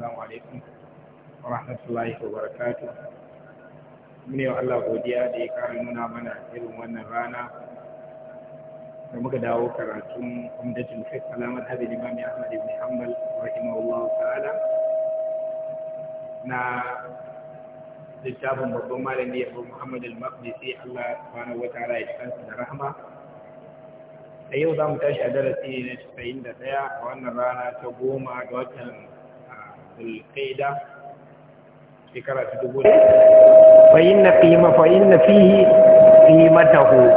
assalamu alaikum wa rahmatullahi wa barakatuh mune wa Allah godiya da ya kara nuna mana irin wannan rana da muka dawo karatun umdatul fiqh alamat hadi imam Ahmad ibn Hanbal rahimahullahu ta'ala na littafin babban malami ya Muhammad al-Maqdisi Allah subhanahu wa ta'ala ya cikansa da rahma a yau za mu tashi a darasi na 91 a wannan rana ta goma ga watan القيدة شكرا تدبون فإن قيمة فإن فيه قيمته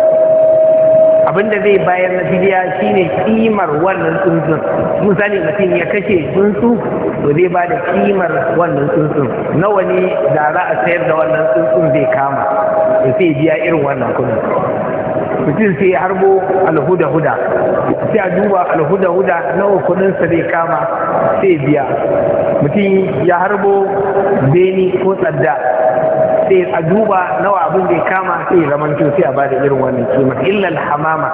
abin da zai bayar na fidiya shine kimar wannan tsuntsun misali mutum ya kashe tsuntsu to zai ba da kimar wannan tsuntsun nawa ne da za a sayar da wannan tsuntsun zai kama da sai biya irin wannan kudin mutum sai ya harbo alhuda-huda sai a duba alhuda-huda nawa kudinsa zai kama sai biya mutum ya harbo beni ko tsadda sai a duba nawa abin zai kama sai ya zama sai a bada irin wannan kima illal hamama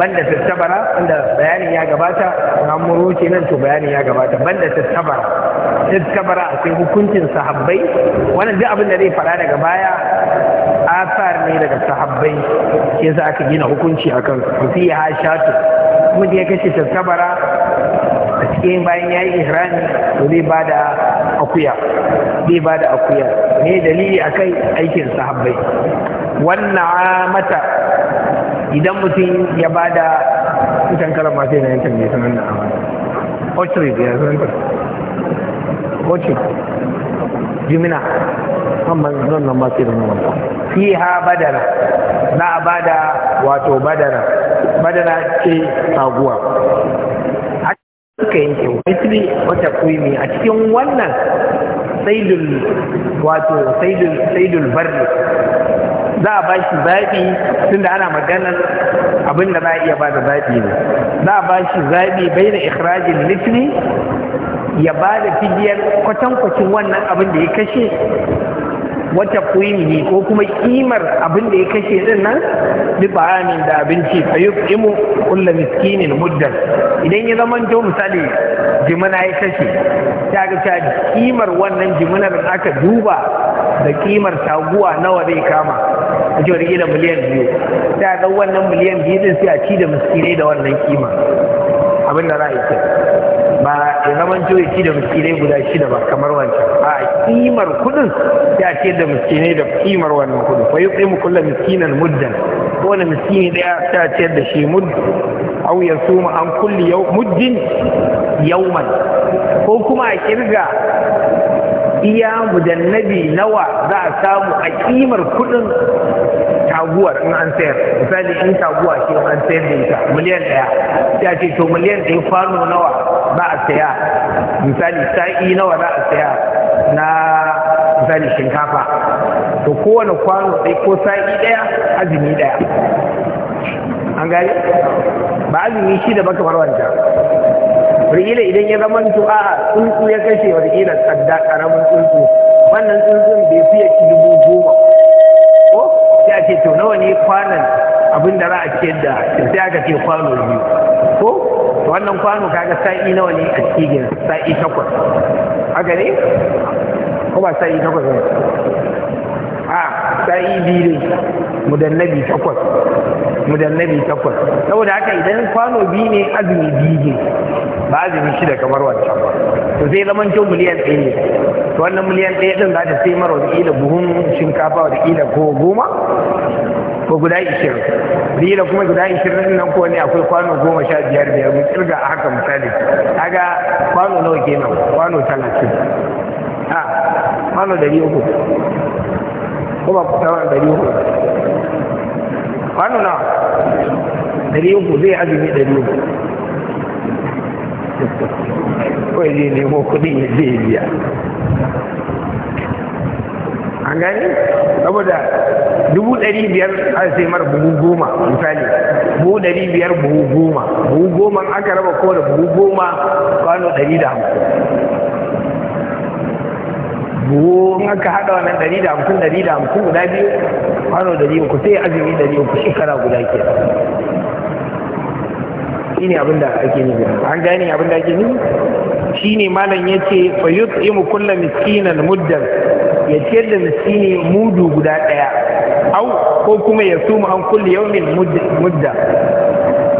banda tattabara wanda bayanin ya gabata hamuro kenan to bayanin ya gabata banda tattabara tattabara sai hukuncin sahabbai wannan duk abin da zai fara daga baya asar ne daga sahabbai ke sa aka gina hukunci a kan fi ha shatu kuma ya kashe tattabara a cikin bayan ya yi ihrami to zai ba da akuya zai ba da akuya ne dalili a kai aikin sahabbai wannan mata idan mutum ya ba da mutan kalan masu yanayin tambaye sanar da amana orchard ya sanar orchard jimina kan manzon nan ba sai nan nonon Fi fiha badana na bada wato badana badana ce taguwa cikin yanke wasu wata kuimi a cikin wannan saidul wato saidul barri za a bashi zaɓi da ana maganar abin da za a iya ba da zaɓi ne za a bashi zaɓi bai da ikirajin litini ya ba da fidiyar kwatankwacin wannan abin da ya kashe wata kuyi ko kuma kimar abin da ya kashe din nan bi bayanin da abinci fa yuqimu kullu miskinin muddan idan ya zaman to misali jimina ya kashe ta ga ta kimar wannan da aka duba da kimar taguwa nawa zai kama a jihar ila miliyan biyu ta ga wannan miliyan biyu din sai a ci da miskinai da wannan kima abin da ra'ayi ba ya zaman ya ci da miskinai guda shida ba kamar wancan a kimar kudin ya ce da miskinai da kimar wannan kudin fa yi mu mukulla miskinan muddan ko wani miskini daya ta ce da shi mudd aw yasuma an kulli yau muddin yauman ko kuma a kirga iya mujannabi nawa za a samu a kimar kudin taguwar in an sayar misali in taguwa ce in an sayar da ita miliyan ɗaya sai a ce to miliyan ɗin kwano nawa za a saya misali sa'i nawa za a saya na misali shinkafa to kowane kwano ɗaya ko sa'i ɗaya azumi ɗaya an gari ba azumi shi da baka farwanta wataƙila idan ya zama to a'a tsuntsu ya kashe wataƙila tsada ƙaramin tsuntsu wannan tsuntsun bai fiye shi dubu goma ko sai a ce to nawa ne kwanan abin da za a ce da sai aka ce kwano biyu ko wannan kwano kaga sa'i nawa ne a cikin sa'i takwas haka ne ko ba sa'i takwas ne a sa'i biyu ne mudannabi takwas mudannabi takwas saboda haka idan kwano biyu ne azumi biyu ne ba azumi shida kamar wancan ba to sai zaman miliyan ɗaya ne to wannan miliyan ɗaya ɗin za ta sai mara wataƙila buhun shinkafa ƙila ko goma ko guda ishirin bila kuma guda ishirin nan ko ne akwai kwano goma sha biyar biyar mu kirga a haka misali kaga kwano nawa kenan kwano talatin a kwano dari uku ko ba kwano dari uku kwano nawa dari uku zai azumi dari uku kawai zai nemo kuɗin ya zai biya an gane saboda dubu ɗari biyar an sai mara buhu goma misali buhu ɗari biyar buhu goma buhu goma aka raba ko da buhu goma kwano ɗari da hamsin buhu in aka haɗa wannan ɗari da hamsin ɗari da hamsin guda biyu kwano ɗari uku sai azumi ɗari uku shekara guda ke shi ne abin da ake nufi an gane abin da ake nufi shi ne malam ya ce fayyut imu kulla miskinan muddan ya ce da miskini mudu guda ɗaya au ko kuma ya suma an kulli yaumin mudda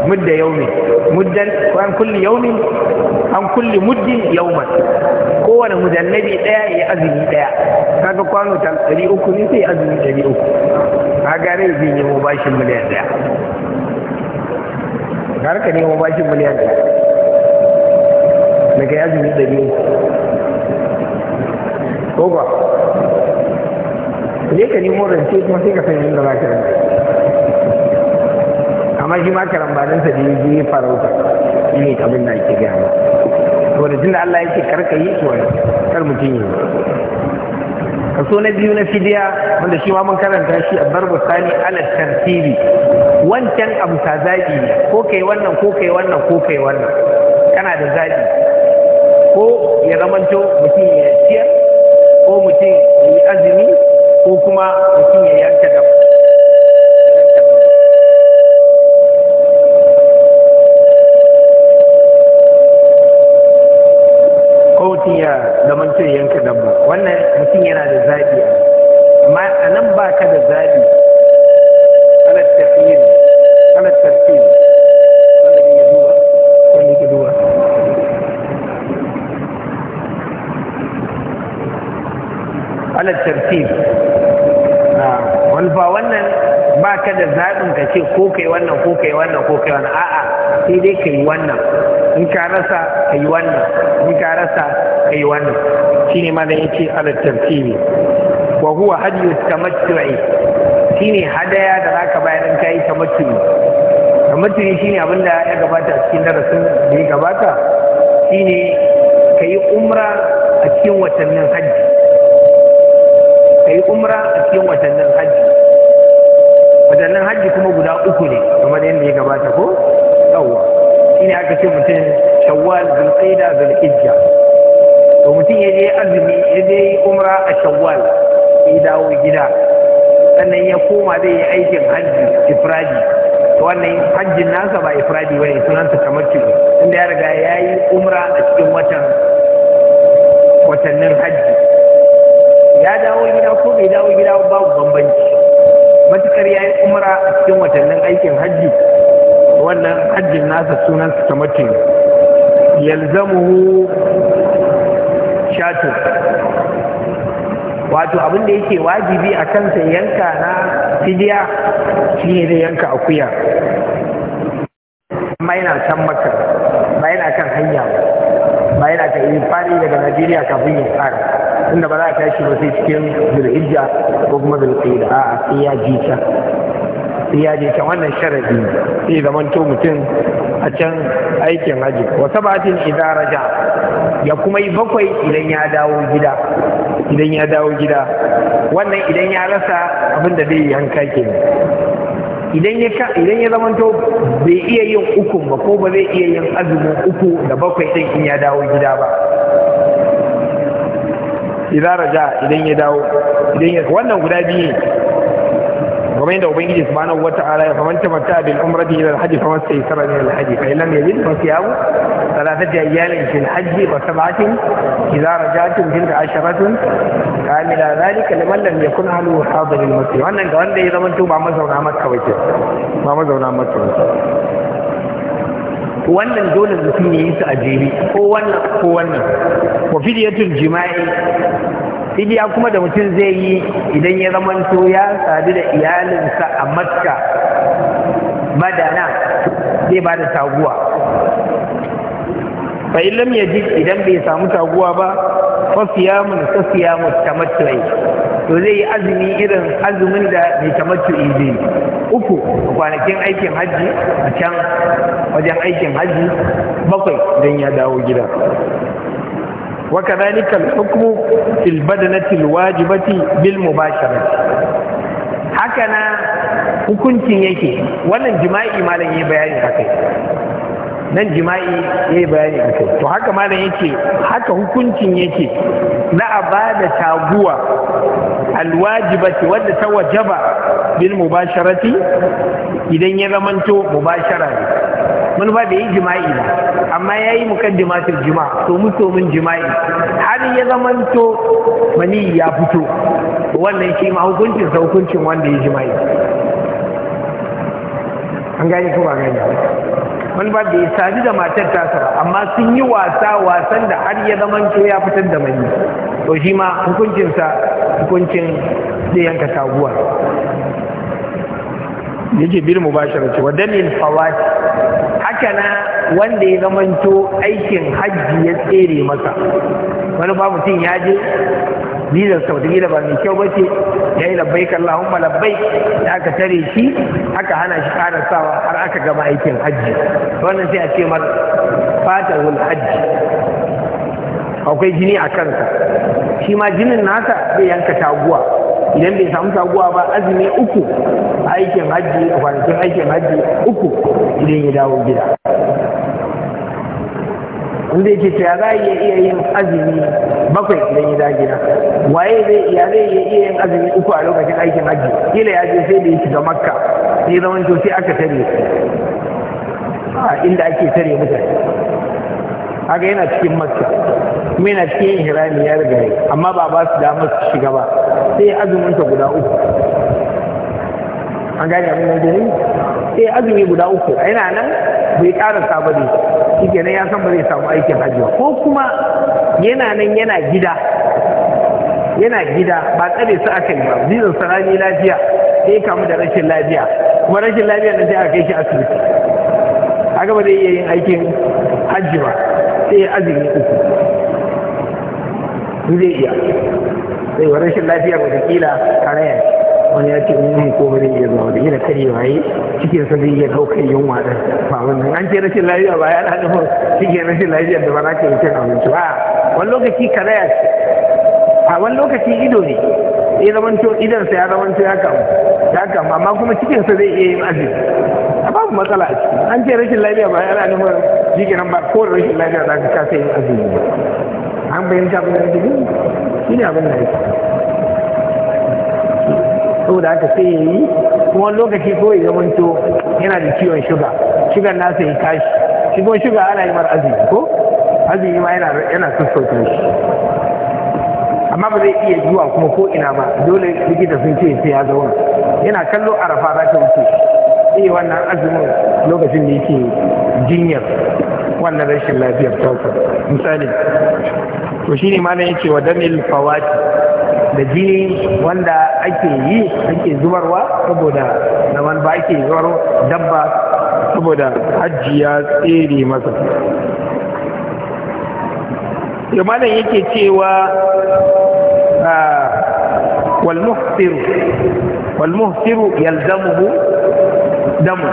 mudda yaumin muddan ko an kulli yaumin an kulli muddin yauman kowane mujallabi ɗaya ya azumi ɗaya kaga kwano ta ɗari uku ne sai azumi ɗari uku kaga rai zai nemo bashin miliyan ɗaya har ka nemo bashin miliyan ɗaya daga azumi ɗari uku ko ba je ka nemo rance kuma sai ka san yadda za ka rance amma shi ma karambanin sa da ya je farauta shi ne abin da ake gaya ba saboda tunda Allah ya ce karka yi to kar mutum yi kaso na biyu na fidiya wanda shi ma mun karanta shi a barbu sani ala tartibi wancan abu ta zaɓi ne ko kai wannan ko kai wannan ko kai wannan kana da zaɓi ko ya zamanto mutum ya ciyar ko kuma mutum ya yanka da ko mutum ya zama ce yanka dabba wannan mutum yana da zaɓi amma a nan ba ka da zaɓi alat tafiyin alat tafiyin wanda ke duba wanda ke duba alat tafiyin wani ba wannan ba ka da zaɓin ka ce ko kai wannan ko kai wannan ko kai wannan a'a sai dai ka yi wannan in ka rasa ka yi wannan in ka rasa ka yi wannan shi ne mana yake ala tartibi wa huwa hadiyu shi ne hadaya da ka bayar in kai ta tamattu'i shi abin da ya gabata a cikin darasin da ya gabata Shi ne ka yi umra a cikin watannin hajji ka yi umra a cikin watannin hajji watannin hajji kuma guda uku ne kamar yadda ya gabata ko yawwa ne aka ce mutum shawwal zulqaida zulhijja to mutum ya je azumi ya je umra a shawwal ya dawo gida sannan ya koma zai yi aikin hajji ifradi wannan hajjin nasa ba ifradi bane sunansa tamattu inda ya riga ya yi umra a cikin watan watannin hajji ya dawo gida ko bai dawo gida babu bambanci matukar ya yi umra a cikin watannin aikin hajji wannan hajjin nasa sunan su mace yalzamuhu shatu wato abin da yake wajibi a kansa yanka na fidiya shi ne zai yanka akuya amma yana can maka ba yana kan hanya ba yana kan yi fari daga najeriya kafin ya tsara inda ba za a tashi ba sai cikin zulhijja ko kuma zulqa'ida a'a sai ya ji ta sai ya wannan sharadi sai zamanto mutum a can aikin haji wa sabatin idza raja ya kuma yi bakwai idan ya dawo gida idan ya dawo gida wannan idan ya rasa abin da zai yi an idan ya idan ya zamanto bai iya yin ukun ba ko ba zai iya yin azumin uku da bakwai din in ya dawo gida ba idan raja idan ya dawo idan ya wannan guda biyu kamar yadda ubangiji subhanahu wata'ala ya famanta mata bil umrati ila al hajj fa masta yasara min al hajj fa illam yajid fa siyamu thalathati ayyamin fil hajj wa sab'atin idza raja'tum tilka asharatun kamila dhalika liman lam yakun ahluhu hadir al masjid wannan ga wanda ya zaman to ba mazauna makka ba ke ba mazauna makka ba wannan dole mutum ya yi su a jere ko wannan ko wannan wa fidiyatul jima'i fidiya kuma da mutum zai yi idan ya zamanto ya sadu da iyalinsa a matka madana zai ba da taguwa fa lam ji idan bai samu taguwa ba fa siyamun ka siyamu to zai yi azumi irin azumin da mai tamattu'i zai uku kwanakin aikin hajji a can wajen aikin hajji bakwai don ya dawo gida wa kadhalika al-hukmu fil badanati al-wajibati bil mubasharati haka na hukuncin yake wannan jima'i malam yi bayani haka nan jima'i ya yi bayani a kai to haka malam yake haka hukuncin yake na a ba da taguwa alwajibati wadda ta wajaba bil mubasharati idan ya zamanto mubashara ne ba bai yi jima'i ba amma ya yi mukaddimatul jima'a to mu mun jima'i har ya to mani ya fito wannan shi ma hukuncin sa hukuncin wanda ya jima'i an gane ko ba gane mun ba bai sadu da matar tasa amma sun yi wasa wasan da har ya to ya fitar da mani to shi ma hukuncinsa hukuncin zai yanka taguwa yake bil mubashara ce wa dalil fawati haka na wanda ya zamanto aikin hajji ya tsere masa wani ba mutum ya je nizar sautaki da ba mai kyau bace ya yi labbaik Allahumma labbaik da aka tare shi aka hana shi karasawa har aka gama aikin hajji wannan sai a ce mar fatahul hajji akwai jini a kansa shi ma jinin nasa zai yanka taguwa idan bai samu taguwa ba azumi uku aikin hajji a kwanakin aikin hajji uku idan ya dawo gida inda yake ce za a iya yin azumi bakwai idan ya dawo gida waye zai iya zai iya yin azumi uku a lokacin aikin hajji kila ya je sai da ya shiga makka sai zaman to sai aka tare a inda ake tare mutane haka yana cikin makka kuma yana cikin hirami ya riga amma ba ba su damar su shiga ba sai azumin ta guda uku an gane abin da yi sai eh, azumi guda uku yana nan bai karasa ba ne shi kenan ya san ba zai samu aikin hajji ko kuma yana nan yana gida yana gida ba tsare su aka yi ba bizin sarari lafiya sai kamu da rashin lafiya kuma rashin lafiya na sai aka kai shi asibiti haka ba zai iya yin aikin hajji ba sai azumi uku zai iya sai wa rashin lafiyar watakila karaya wani ya ce in yi ko bari ya iya da gina kare waye cikin sa zai iya daukar yunwa da ba wannan an ce rashin lafiya ba ya da mu cikin rashin lafiya da ba za ka mutum abinci ba wani lokaci karaya ce a wani lokaci ido ne ya zamanto idan sa ya zamanto ya kamu ya kamu amma kuma cikin sa zai iya yin azumi a babu matsala a ciki an ce rashin lafiya ba ya da mu cikin ba ko rashin lafiya za ka kasa yin azumi an bayyana abin da shi ne abin da yake saboda haka sai ya yi kuma lokaci ko ya zamanto yana da ciwon shuga shugar nasa ya tashi shi kuma shuga ana yi mar azumi ko azumi ma yana yana sassauta shi amma ba zai iya zuwa kuma ko ina ba dole likita sun ce sai ya zauna yana kallo arafa za ta wuce iya eh, wannan azumin lokacin da yake jinyar wannan rashin lafiyar tausa misali to shine malam yake wa danil fawati da jini wanda ake yi ake zubarwa saboda ba ake zubarwa dabba saboda hajji ya tsere masa imanin yake cewa ah, walmuhsiru walmuhsiru yalzamuhu damu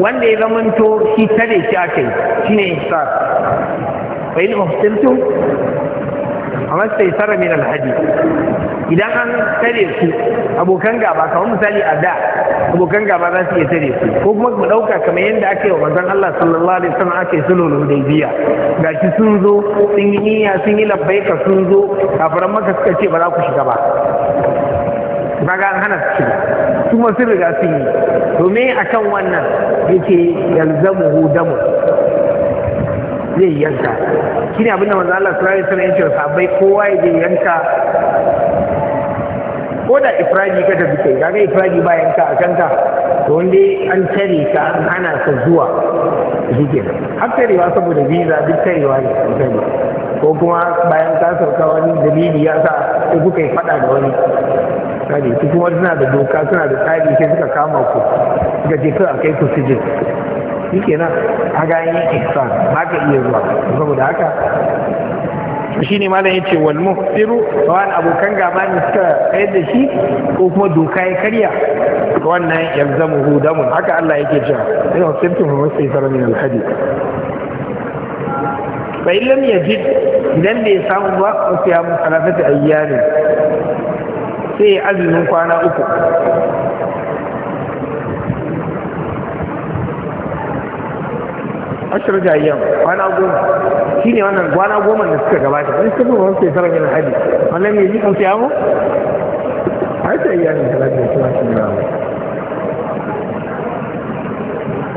wanda ya zamanto shi tare shi aka yi shi ne ihsar fa in muhsirtum amma sai sara min idan an tare su abokan gaba kamar misali a da abokan gaba za su iya tare su ko kuma mu dauka kamar yadda aka yi wa manzon Allah sallallahu alaihi wasallam aka yi sulhul hudaybiya gashi sun zo sun yi niyya sun yi labbaika sun zo kafaran maka suka ce ba za ku shiga ba kaga an hana su shiga kuma sun riga sun yi to me akan wannan yace yalzamuhu damu zai yanka shine abin da manzo Allah sallallahu alaihi wasallam ya ce sahabbai kowa ya je yanka da ifradi ka tafi kai kaga ifradi bayan ka a kanka to wanda an tare ka an hana ka zuwa jike har tarewa saboda visa duk tarewa ne ko kuma bayan ka sauka wani dalili ya sa ko kuka yi fada da wani kaje ku kuma suna da doka suna da tsari sai suka kama ku suka je kai a kai ku sijin shi kenan a ga yin ihsan ba ka iya zuwa saboda haka to ne malam yace wal muhsiru wani abokan gaba ne suka tsayar da shi ko kuma doka ya karya wannan yalzamuhu damun haka Allah yake cewa sirtu mu sai mustaysara min al hadi Bai illam yajid idan bai samu ba wasu ya mu salafati ayyani sai azumin kwana uku ashir da ayyam kwana goma shi ne wannan kwana goma da suka gabata wani suka goma suke sarar yin hadi wannan mai jikin su yamu har da iya ne talatin suna shi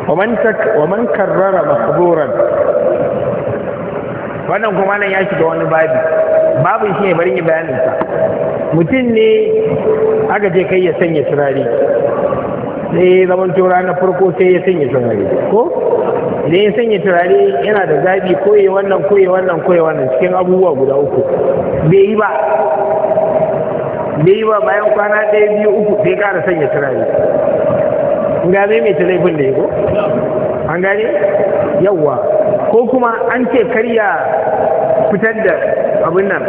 Wa waman karrara mahzuran wannan kuma nan ya shiga wani babi babin shi ne bari yi bayaninsa mutum ne aka je kai ya sanya turare sai zaman tura na farko sai ya sanya turare ko ne ya sanya turare yana da zabi koye wannan koye wannan koye wannan cikin abubuwa guda uku bai yi ba bai yi ba bayan kwana ɗaya biyu uku sai kara sanya turare ga zai mai laifin da ya ko an gane yawwa ko kuma an ce karya fitar da abin nan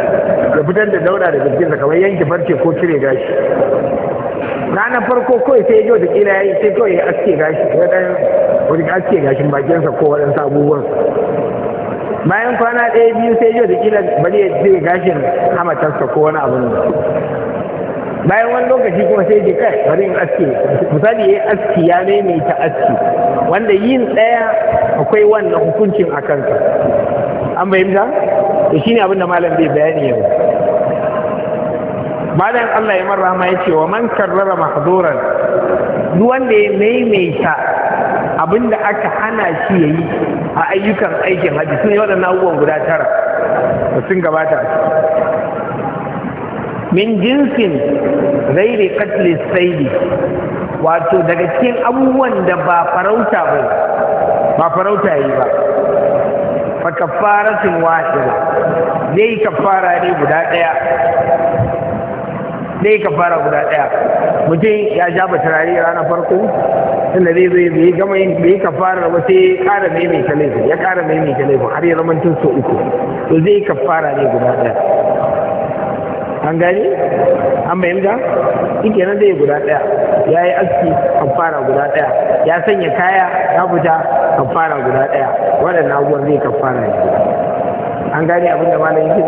da fitar da daura da jirgin jikinsa kamar yanke farce ko cire gashi ranar farko kawai sai ya ji kila ya yi sai kawai ya aske gashi ya ɗan wurin aske gashin bakinsa ko waɗansu abubuwan bayan kwana ɗaya biyu sai yau da kila bari ya zai gashin hamatarsa ko wani abin bayan wani lokaci kuma sai ji kai bari in aske misali ya aski ya maimaita aski wanda yin ɗaya akwai wannan hukuncin a kanka an fahimta to shine abin da malam bai bayani yau bayan Allah ya ma ya ce wa man karrara mahduran duk wanda ya maimaita Abin da aka hana shi ya yi a ayyukan aikin hajji sun yi waɗannan abubuwan guda tara da sun gabata min jinsin zaire katli saidi wato daga cikin abubuwan da ba farauta ba ba farauta yi ba fa kafaratin wahida zai kafara ne guda ɗaya da ya kafara guda ɗaya mutum ya ja ba turare ranar farko tunda zai zai zai gama da ya kafara ba sai ƙara mai mai kalifin ya ƙara mai mai kalifin har ya zama tun so uku to zai kafara ne guda ɗaya an gani an ga shi nan zai guda ɗaya ya yi aski kafara guda ɗaya ya sanya kaya ya fita kafara guda ɗaya waɗannan abubuwan zai kafara ne an gane abin da malamin ke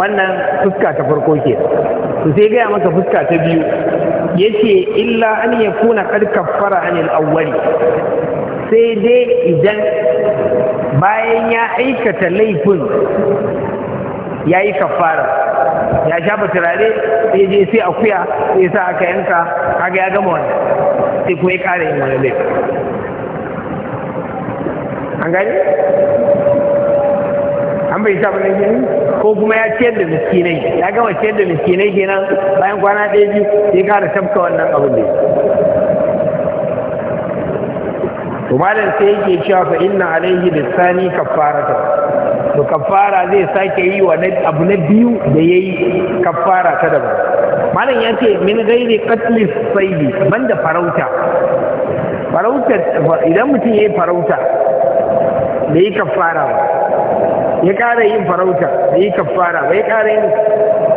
wannan fuska ta farko ke su sai gaya maka fuska ta biyu ya ce illa an kuna qad fara anil awwali sai dai idan bayan ya aikata laifin ya yi kafara ya shafa turare sai je sai akuya sai sa aka yanka kaga ya gama wani sai kuma ya kara yin wani laifin an gani an bai shafa nan gini ko kuma ya ciyar da miskinai ya gama ciyar da miskinai kenan bayan kwana ɗaya biyu sai kara tafka wannan abin da to malam sai yake cewa fa inna alaihi sani kafarata to kaffara zai sake yi wa abu na biyu da yayi kaffara ta daban malam ya ce min gairi qatli ban banda farauta farauta idan mutum yayi farauta da yi kafara ba ya kara yin farauta bai yi kaffara bai kara yin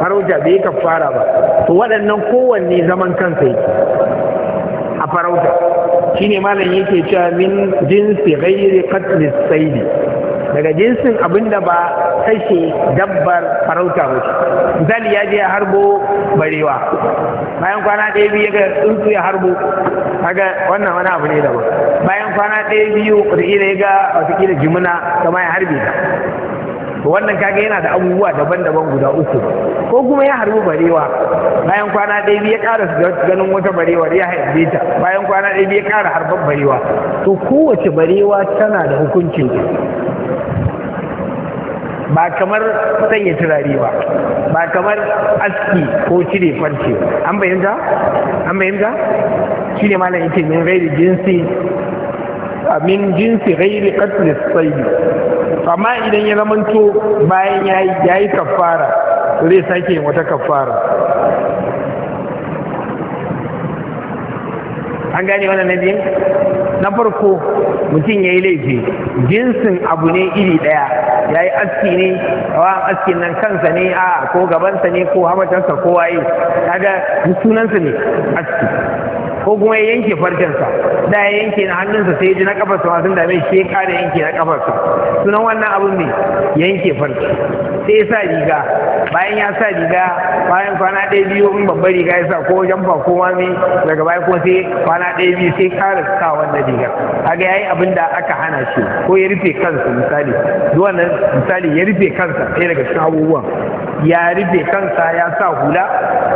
farauta bai yi kaffara ba to waɗannan kowanne zaman kansa yake a farauta shine malam yake cewa min jinsi ghairi qatl saidi daga jinsin abinda ba kashe dabbar farauta ba misali ya je ya harbo barewa bayan kwana ɗaya biyu ga tsuntsu ya harbo kaga wannan wani abu ne daban bayan kwana ɗaya biyu wataƙila ya ga wataƙila jimina kama ya harbe to wannan kaga yana da abubuwa daban-daban guda uku ko kuma ya harbi barewa bayan kwana ɗaya biyu ya ƙara ganin wata barewa ya haife ta bayan kwana ɗaya biyu ya ƙara harbar barewa to kowace barewa tana da hukuncin ba kamar sanya turare ba ba kamar aski ko cire farce an bayyanta an bayyanta shi ne malam yake min gairi jinsi min jinsi gairi qatl sayyid amma idan ya zamanto bayan ya yi kafara to zai sake wata kafara an gane wannan na biyan na farko mutum ya yi laifi jinsin abu ne iri ɗaya ya yi aski ne rawan askin nan kansa ne a ko gabansa ne ko hamatarsa ko waye kaga sunansa ne aski ko kuma ya yanke farcensa da ya yanke na hannunsa sai ya ji na kafarsa wasu sun dame shi ya kare yanke na kafarsa sunan wannan abin ne yanke farce sai ya sa riga bayan ya sa riga bayan kwana ɗaya biyu in babbar riga ya sa ko jamfa ko mami daga baya ko sai kwana ɗaya biyu sai kara sa wannan rigar kaga yayi abin da aka hana shi ko ya rufe kansa misali duk wannan misali ya rufe kansa ɗaya daga cikin abubuwan ya rufe kansa ya sa hula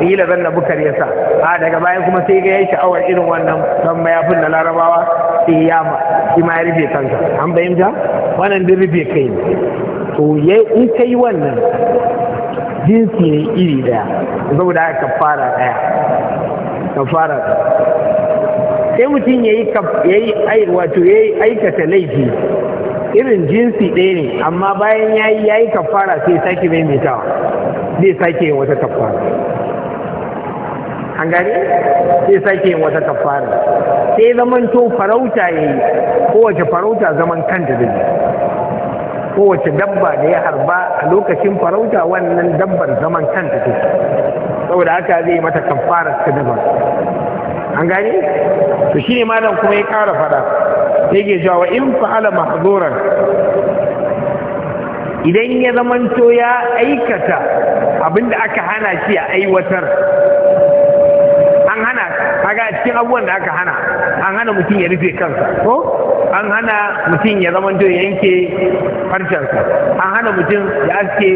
kila zan na bukar ya sa a daga bayan kuma sai ga ya sha'awar irin wannan ban mayafin na larabawa sai ya ma ya rufe kansa an fahimta wannan duk rufe kai ne to in ka yi wannan jinsi ne iri daya saboda haka kafara daya kafara sai mutum ya yi wato ya yi aikata laifi irin jinsi ɗaya ne amma bayan ya yi ya yi kafara sai sake maimaitawa zai sake yin wata kafara an gane zai sake yin wata kafara sai zaman to farauta ya yi kowace farauta zaman kanta da kowace dabba da ya harba a lokacin farauta wannan dabbar zaman kanta ce saboda haka zai mata kamfara ta daba an gane to shine malam kuma ya kara fada sai ke jawa in fa'ala mahzuran idan ya zamanto ya aikata abinda aka hana shi a aiwatar an hana kaga cikin abubuwan da aka hana an hana mutum ya rufe kansa ko an hana mutum ya zama ya yanke harshensa an hana mutum ya aske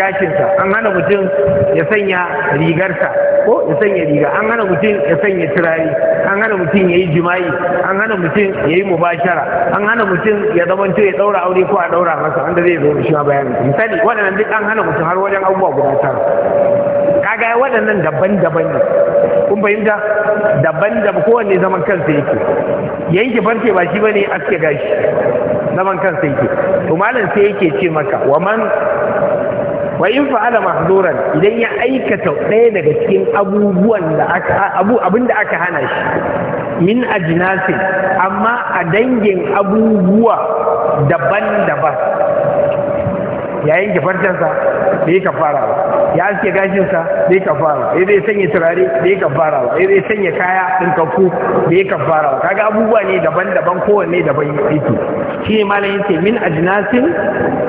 gashinsa an hana mutum ya sanya rigarsa ko ya sanya riga an hana mutum ya sanya turari, an hana mutum ya yi jima'i an hana mutum ya yi mubashara an hana mutum ya zama ya daura aure ko a daura masa wanda zai zo shi ma bayani misali waɗannan duk an hana mutum har wajen abubuwa guda tara kaga waɗannan daban-daban ne kun fahimta daban da kowanne zaman kansa yake yanke farce ba shi ba ne aske gashi zaman kansa yake to malam sai yake ce maka wa man wa in fa'ala mahzuran idan ya aikata ɗaya daga cikin abubuwan da aka abu abin da aka hana shi min ajnasin amma a dangin abubuwa daban-daban yayin kifartansa da ka fara ya aske gashinsa bai kafara ya zai sanya turare bai kafara ba ya zai sanya kaya ɗin kafu bai kafara ba kaga abubuwa ne daban-daban kowanne daban yake shi ne malam yace min ajnasin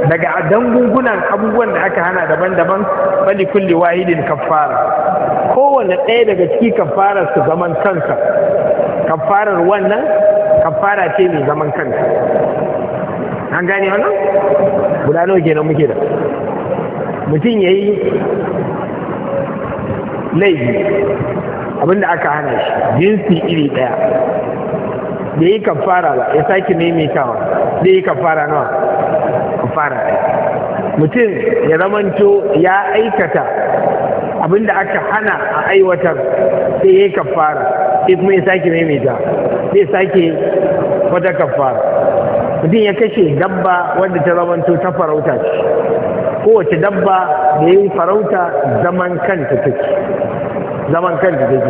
daga dangungunan abubuwan da aka hana daban-daban bali kulli wahidin kafara kowanne ɗaya daga ciki kafara su zaman kansa kafarar wannan kafara ce mai zaman kansa an gane wannan guda nawa kenan muke da mutum ya yi laifi abinda aka hana shi jinsi iri ɗaya da yi kafara ba ya sake maimaitawa da yi kafara nawa kafara ɗaya mutum ya zamanto ya aikata abinda aka hana a aiwatar sai ya yi kafara sai kuma ya sake maimaita sai sake wata kafara mutum ya kashe dabba wadda ta zamanto ta farauta ce kowace dabba da ya yi farauta zaman kanta take zaman kanta take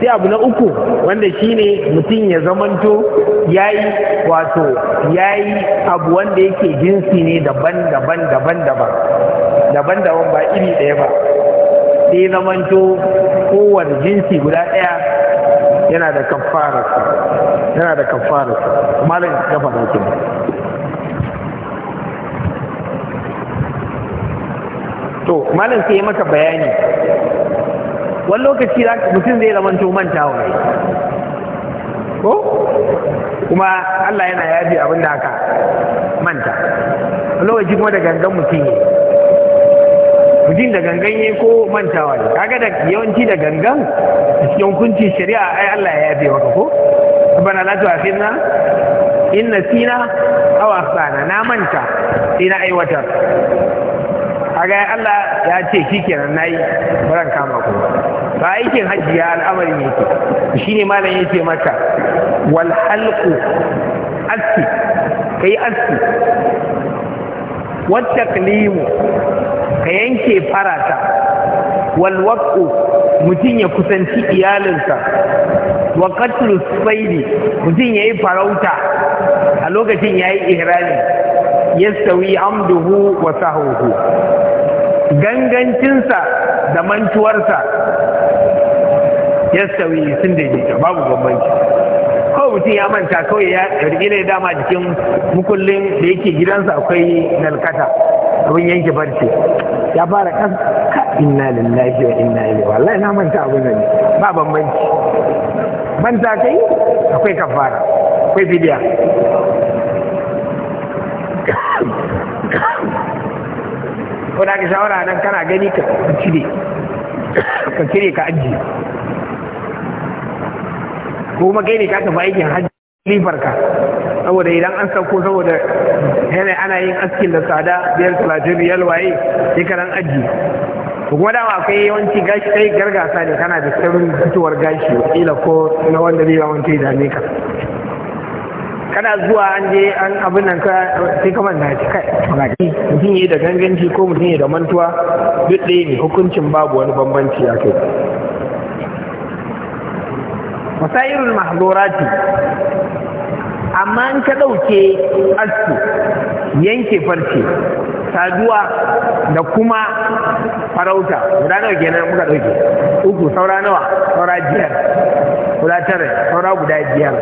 sai abu na uku wanda shine mutum ya zamanto ya yi wato ya yi abu wanda yake jinsi ne daban daban daban daban daban daban ba iri ɗaya ba sai zamanto kowane jinsi guda ɗaya yana da kafararsa yana da kafararsa malam ya faɗa kenan to malam sai ya maka bayani wani lokaci mutum zai zama to manta ne ko kuma Allah yana yafi abin da aka manta wani lokaci kuma da gangan mutum ne mutum da gangan ne ko wa ne kaga da yawanci da gangan cikin kunci shari'a ai Allah ya yafe maka ko bana la na, in sina aw akhtana na manta sai na aiwatar kaga Allah ya ce shikenan nayi baran kama ku ba aikin hajji ya al'amari ne yake shine malam yake maka wal halqu asti kai aski wat taqlimu ka yanke farata wal waqu mutum ya kusanci iyalinsa wa qatlu sayyidi mutum yayi farauta a lokacin yayi ihrami yastawi amduhu wa sahuhu gangancinsa da mantuwarsa yastawi sun daidaita babu bambanci kawai mutum ya manta kawai ya rigile dama jikin mukullin da yake gidansa akwai nalkata abin yanke barci ya fara kan inna lillahi wa inna ilaihi wallahi na manta abin nan ba bambanci manta kai akwai kafara akwai bidiya kuna ga shawara nan kana gani ka cire ka cire ka aji ko kuma kai ne ka tafi aikin hajji lifar ka saboda idan an sauko saboda yana ana yin askin da tsada biyar talatin biyar waye sai ka nan aji. to kuma dama akwai yawanci gashi kai gargasa ne kana da saurin fitowar gashi kila ko na wanda zai yawanci dame ka kana zuwa an je an abin nan ka sai ka manta ci kai baki mutum yi da ganganci ko mutum yi da mantuwa duk ɗaya ne hukuncin babu wani bambanci a kai masairul mahdurati amma in ka ɗauke asu yanke farce saduwa da kuma farauta guda nawa kenan muka ɗauke uku saura nawa saura biyar guda tara saura guda biyar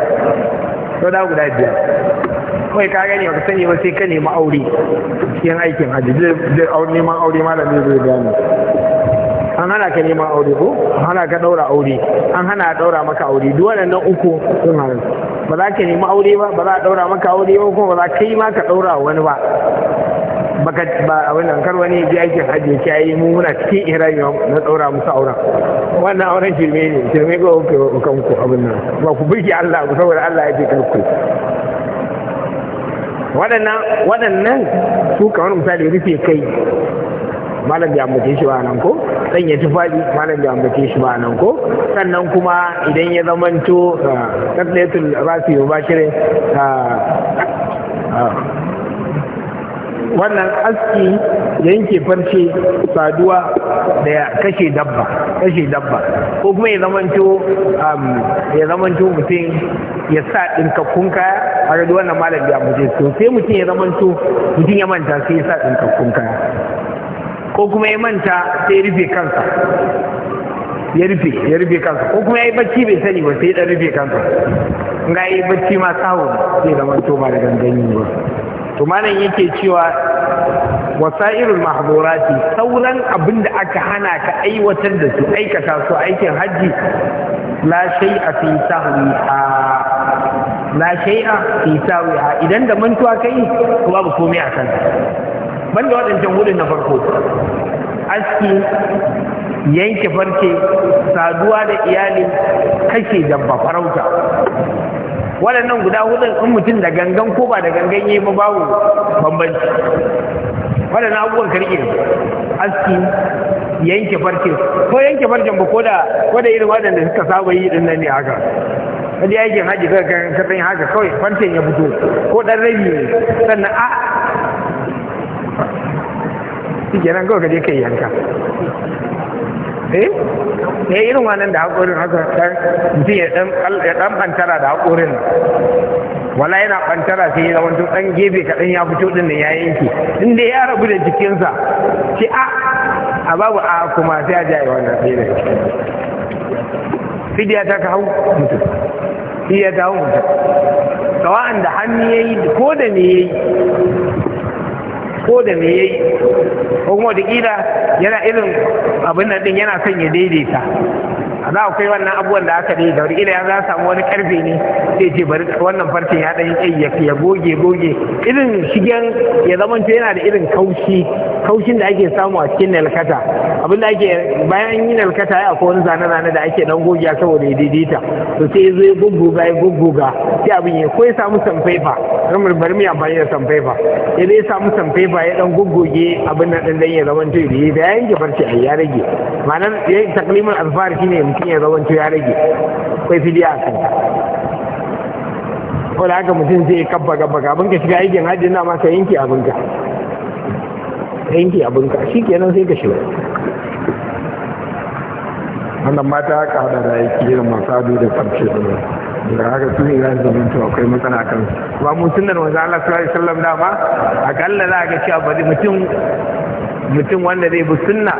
da guda biyar kawai ka gani ba baka sani ba sai ka nemi aure cikin aikin hajji zai aure neman aure malami zai gani an hana ka neman aure ko an hana ka daura aure an hana ka daura maka aure duk waɗannan uku sun hana ba za ka nemi aure ba ba za a daura maka aure ba kuma ba za ka yi ma ka daura wani ba baka ba wannan kar wani ji aikin hajji ya yi mu muna cikin yau na daura musu auren wannan auren shirme ne shirme ga ku kanku abin nan ba ku birki Allah ku saboda Allah ya ce kanku waɗannan waɗannan su wani misali rufe kai malam bai ambace shi ba nan ko dan ya tufafi malam bai ambace shi ba nan ko sannan kuma idan ya zamanto ah, tasliyatul rasi mubashirin ah, ah, wannan aski da yanke farce saduwa da kashe dabba kashe dabba ko kuma ya zamanto um, ya zamanto mutum ya sa ɗinkakkun kaya a ga wannan malam ya muje to sai mutum ya zamanto mutum ya manta sai ya sa ɗinkakkun kaya ko kuma ya manta sai ya rufe kansa ya rufe ya rufe kansa ko kuma ya yi bacci bai sani ba sai ya rufe kansa in ga yi bacci ma sahu sai zama to ba da gangan ba tumanin yake cewa wasairul mahdurati sauran abin da aka hana ka aiwatar da su aikata su aikin hajji la shay'a fi sahwiha la shay'a fi idan da mantuwa kai to babu komai a kanka banda waɗancan wurin na farko aski yanke farce saduwa da iyali kake dabba farauta waɗannan guda hudun in mutum da gangan ko ba da gangan yi ba babu bambanci waɗannan abubuwan karki aski yanke farce ko yanke farcen ba ko da ko irin waɗanda suka saba yi ɗin nan ne haka wani yakin haji ka kan haka kawai farcen ya fito ko ɗan rabi ne sannan a shi kenan kawai ka je yanka Eh? eh irin wannan da haƙorin haka ta mutum ya ɗan ɓantara da haƙorin wala yana ɓantara sai ya wancan, ɗan gefe kaɗan ya fito coɗin da ya yanke in dai ya rabu da jikinsa sai a a babu a kuma sai a jaye wannan sai da shi ta ka hau mutum fidiya ta hau mutum da hannu ya yi ko da me ya yi ko da me yayi ko kuma da yana irin abin nan din yana son ya daidaita za akwai wannan abubuwan da aka dai da wuri ila za samu wani karfe ne sai je bari wannan farcen ya dan yi ya goge goge irin shigen ya zama yana da irin kaushi kaushin da ake samu a cikin nalkata abin da ake bayan yi nalkata ya akwai wani zane zane da ake dan goge saboda ya daidaita to sai zo ya gugguga ya gugguga sai abin ya ko ya samu sanfaifa bari mu amfani da sanfaifa ya zai samu sanfaifa ya dan gugguge abin nan din dan ya zama to da ya yanke farce ya rage ma'anar taklimin alfahari shine mutum ya zamanto ya rage akwai fidiya a kan wadda haka mutum zai kabba gaba abin ka shiga aikin hajji na ma ka yanki abinka ka abinka shi kenan sai ka shiga wannan mata ya hada da aiki irin masu ado da karshe da da haka su ne za su zama akwai matsala kan su ba mutum da wanzu Allah sallallahu alaihi wasallam da akalla za a ga cewa bari mutum mutum wanda zai bi sunna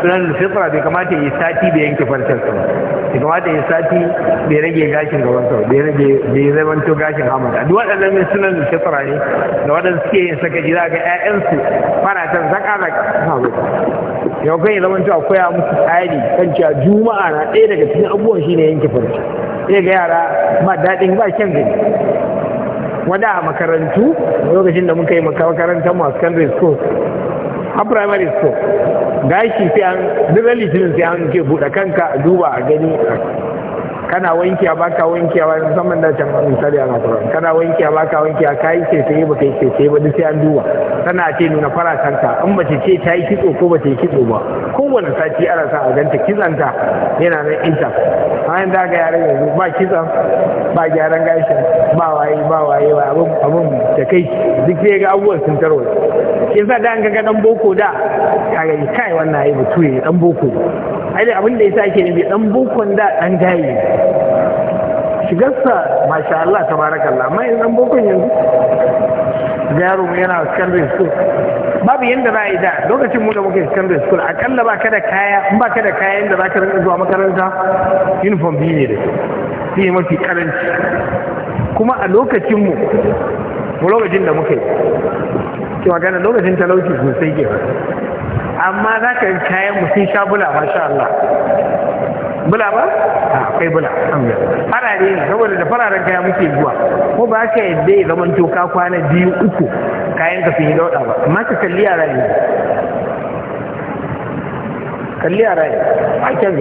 sunan fitra bai kamata ya sati bai yanke farcen sa bai kamata ya sati bai rage gashin gaban sa bai rage bai zamanto gashin hamada duk waɗannan min sunan fitra ne da waɗanda suke yin saka jira ga ƴaƴan su faratan zaka zaka yau kai ya zamanto a koya musu tsari kan cewa juma'a na ɗaya daga cikin abubuwan shine yanke farce sai ga yara ba daɗin ba kyan gani wada makarantu lokacin da muka yi makarantar masu secondary school a primary school gashi sai an duk litinin sai an ke buɗe kanka a duba a gani kana wanki a baka wanki a bayan musamman da can misali a nasirar kana wanki a baka wanki a kayi sai ba kai sai ba duk sai an duba tana ce nuna kanta in mace ce ta yi kitso ko ba ta yi kitso ba kowane sati ana sa a ganta kitsanta yana nan inta bayan da ga yaran yanzu ba kitsan ba gyaran gashin ba waye ba waye ba abin abin da kai duk sai ga abubuwan sun tarwaye ke sa da an ga dan boko da gani kai wannan yayi bature dan boko ai abin da yasa ake nufi dan bokon da dan gaye shigarsa masha Allah Allah amma yanzu boko yanzu da yaro mu yana secondary school babu yanda za a yi da lokacin mu da muke secondary school akalla ba ka da kaya in ba ka da kaya yanda za ka rinka zuwa makaranta uniform biyu ne da shi ne mafi karanci kuma a lokacin mu mu lokacin da muke ke magana lokacin talauci sosai ke amma za ka yi kayan mu sun sha bula masha Allah bula ba akwai bula farare ne saboda da fararen kaya muke zuwa ko ba ka yadda ya zama toka kwana biyu uku kayan ka fiye yi dauɗa ba amma ka kalli yara rayu kalli yara rayu a kyan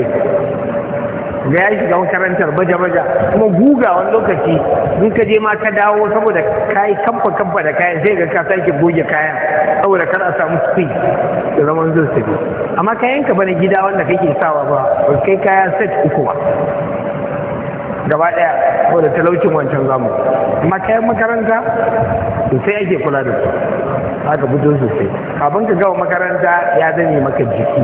ga ya shiga makarantar baja-baja kuma guga wani lokaci in ka je ma ka dawo saboda kayi kamfa kamfa da kayan sai ga ka sake goge kayan saboda kar a samu spi da zaman zai sabi amma kayan ka bane gida wanda kake sawa ba ba kai kaya set uku ba gaba daya saboda talaucin wancan zamu amma kayan makaranta sai ake kula da su haka fito sosai abin ka gawa makaranta ya zame maka jiki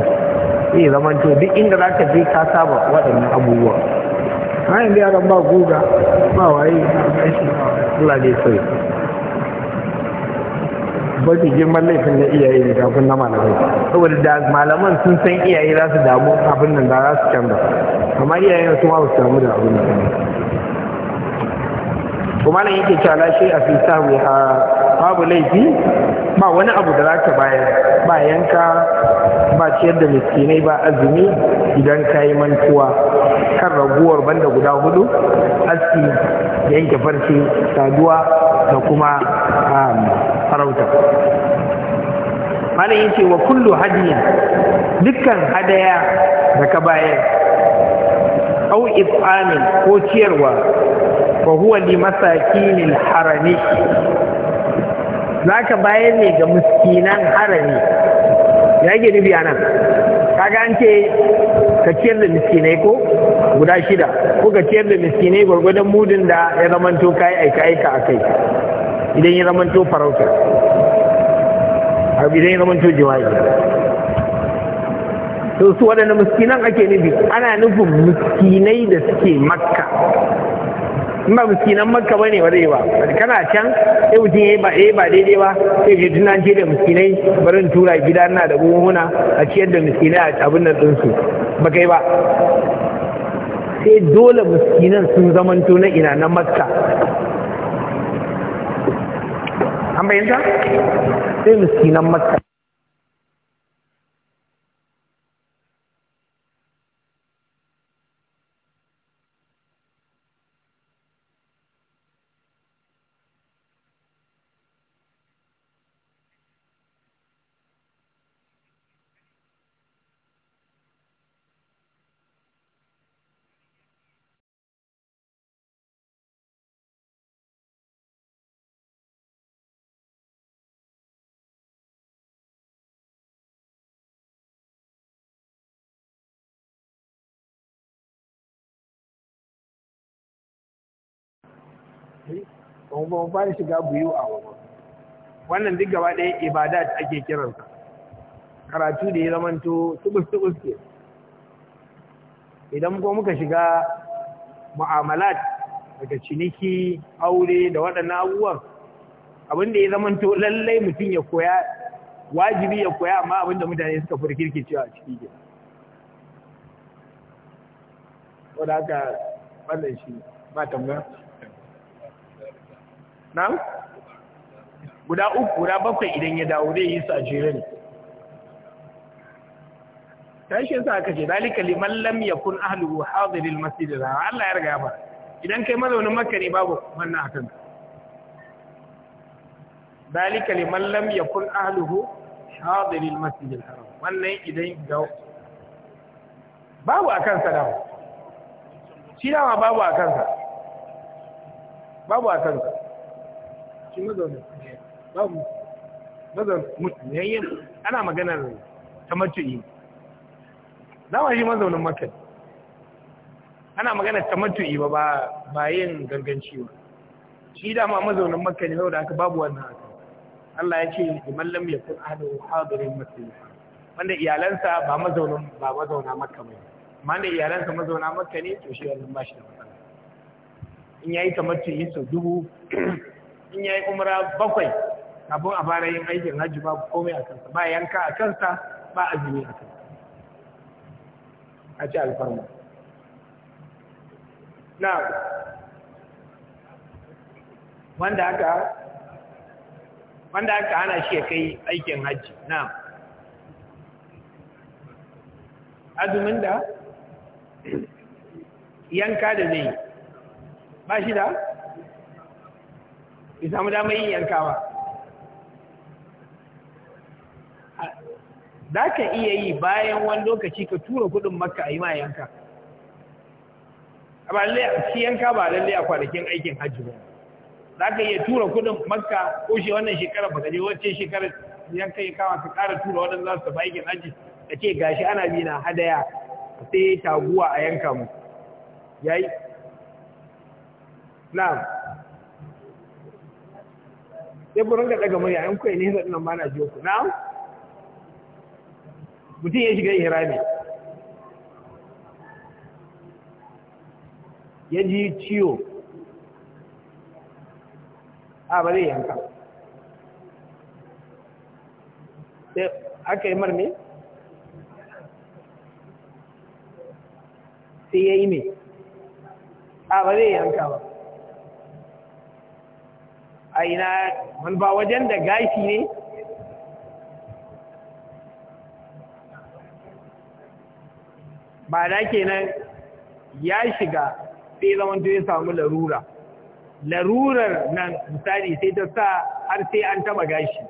sai zaman to duk inda za ka je ka saba waɗannan abubuwa hanyar da yaran ba guga ba waye Allah ne sai ba ki girman laifin na iyaye ne kafin na malamai saboda da malaman sun san iyaye za su damu abin nan da za su canza amma iyayen su ma ba su damu da abin nan kuma nan yake cewa lashe a fi samu a babu laifi ba wani abu da zaka bayar ba yanka ba ciyar da miskinai ba azumi idan ka yi mantuwa kan raguwar banda guda hudu aski yanke farce saduwa da kuma farauta malam ce wa kullu hadiyin dukkan hadaya da ka bayan au if'amin ko ciyarwa fa huwa li masakinil harami za ka bayar ne ga muskinan harami ya ke nufi a nan Ka an ka ciyar da miskinai ko guda shida ko ka ciyar da miskinai gwargwadon mudin da ya zamanto kayi aika aika a kai idan ya zamanto farauta idan ya zamanto jiwaye to su waɗanda miskinan ake nufi ana nufin miskinai da suke makka in ba miskinan makka bane ba zai ba kana can sai mutum ya ba ba daidai ba sai ji tunan ce da miskinai barin tura gida na da buhuna a ciyar da miskinai a abin nan ɗinsu ba kai ba sai dole miskinan sun zamanto na ina na makka an bayyanta sai miskinan makka ba mu fara shiga buyu a wani wannan duk gaba ɗaya ibadat ake kiransa karatu da ya zamanto tubus-tubus ke idan ko muka shiga mu'amalat daga ciniki aure da waɗannan abubuwan da ya zamanto lallai mutum ya koya wajibi ya koya amma da mutane suka fi kirkicewa a ciki ke wadda aka wannan shi ba tambaya na guda uku guda bakwai idan ya dawo zai yi su a jere ne tashin sa aka ce dalika liman lam yakun ahluhu hadiril masjid da Allah ya riga ba idan kai mazaunin makka ne babu wannan akan dalika liman lam yakun ahluhu hadiril masjid al-haram wannan idan ga babu akan sa dawo shi dawa babu akan sa babu akan sa shi mazaunin babu mazaunin mutum ana maganar tamattu'i dama shi mazaunin makka ana maganar tamattu'i ba ba yin ganganci ba shi dama mazaunin makka ne saboda aka babu wannan haka Allah ya ce liman lam yakun ahlu hadirin masjid wanda iyalansa ba mazaunin ba mazauna makka ba amma da iyalansa mazauna makka ne to shi wannan ba shi da matsala in yayi tamattu'i so dubu in yayi umra bakwai kafin a fara yin aikin hajji babu komai a kansa ba yanka a kansa ba azumi a kansa a ci alfarma na wanda aka wanda aka hana shi kai aikin hajji na azumin da yanka da zai ba shi da bai samu damar yin yankawa za ka iya yi bayan wani lokaci ka tura kudin makka a yi ma yanka ba lalle shi yanka ba lalle a kwanakin aikin hajji ba za ka iya tura kudin makka ko shi wannan shekarar ba je wacce shekarar yanka yi kawa ka ƙara tura wadanda za su tafi aikin hajji da ce gashi ana bi na hadaya sai taguwa a yanka mu yayi na'am sai ku ga daga murya in ne nesa dinan ba na jiyo ku na mutum ya shiga ihrami ya ji ciwo a ba zai yanka sai aka yi marmi sai ya yi mai a ba zai yanka ba a ina man ba wajen da gashi ne ba da kenan ya shiga sai zaman ya samu larura larurar nan misali sai ta sa har sai an taba gashi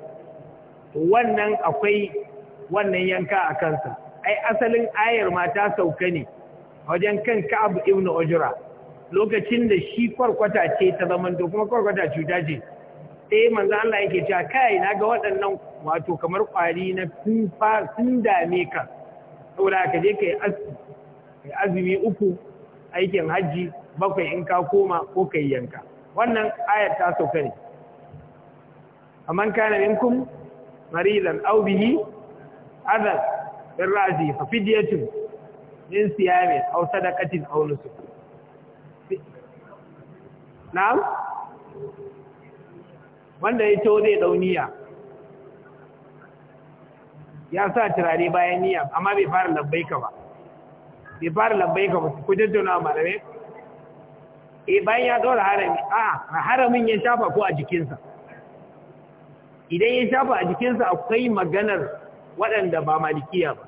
wannan akwai wannan yanka a kansa ai asalin ayar ma ta sauka ne wajen kan ka abu ibnu ujra lokacin da shi kwarkwata ce ta zaman kuma kwarkwata cuta ce ɗaya manzo Allah yake cewa kai na ga waɗannan wato kamar ƙwari na sun sun dame ka saboda ka je kai azumi uku aikin hajji bakwai in ka koma ko kai yanka wannan ayat ta sauka ne amman kana minkum maridan aw bihi adan bin ra'si fa fidyatun min siyamin aw sadaqatin aw nusuk na'am wanda ya to zai dau niyya ya sa turare bayan niyya amma bai fara ka ba bai fara ka ba ku tunawa malamai e bayan ya daura harami a haramin ya shafa ko a jikinsa idan ya shafa a jikinsa akwai maganar waɗanda ba malikiya ba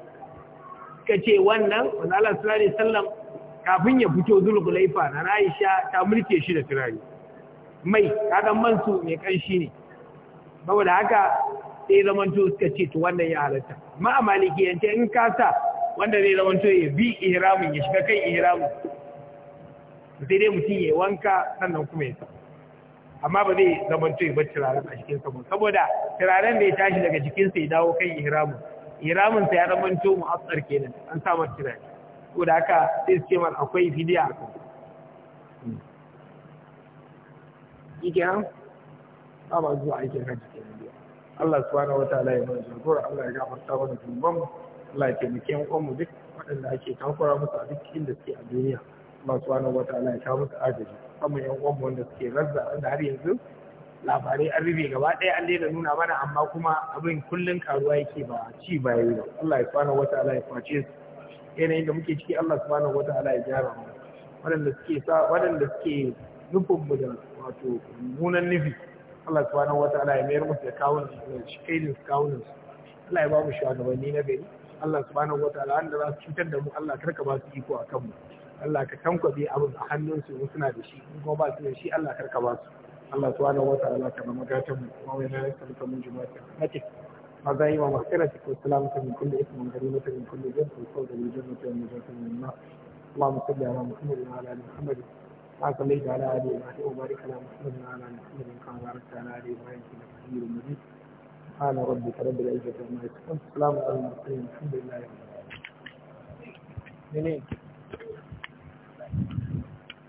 ka ce wannan wanda Allah sallallahu alaihi wasallam kafin ya fito zulul laifa na Aisha ta mulke shi da turare mai kaɗan mansu mai ƙanshi ne saboda haka sai zamanto suka ce to wannan ya halatta ma a yanke in kasa wanda zai zamanto ya bi ihramin ya shiga kan ihramin sai dai mutum ya wanka sannan kuma ya amma ba zai zamanto ya bar turaren a cikin sabon saboda turaren da ya tashi daga jikinsa ya dawo kan ihramin ihramin sa ya zamanto asar kenan an samar turare saboda haka sai su ce mar akwai fidiya a kan shi kenan ba zuwa aiki hajji kenan biya Allah subhanahu wa ta'ala ya mana jagora Allah ya gafarta mana zunuban Allah ya taimake mu kanmu duk waɗanda ake takura musu a duk inda suke a duniya Allah subhanahu wa ta'ala ya kawo musu agaji kamar yan uwan mu wanda suke razza da har yanzu labarai an rufe gaba ɗaya an daina nuna mana amma kuma abin kullun karuwa yake ba ci ba yayi ba Allah ya subhanahu wa ta'ala ya kwace su yanayin da muke ciki Allah subhanahu wa ta'ala ya gyara mu waɗanda suke sa waɗanda suke nufin mu da wato munan nufi Allah subhanahu wataala ya mayar musu da kawunan su kaidin kawunan su Allah ya ba mu shugabanni na gari Allah subhanahu wataala da za su cutar da mu Allah karka ba su iko a kanmu Allah ka tankwabe abin a hannun su in suna da shi in kuma ba su da shi Allah karka ba su Allah subhanahu wataala ka ba magatan mu kuma wai na yasa من كل من كل من اللهم صل على محمد وعلى آل محمد haka mai gara da ma ta yau bari kana musulun na nan irin kan warta na da yawa yake da kahiyar muni da yake da mai tsakon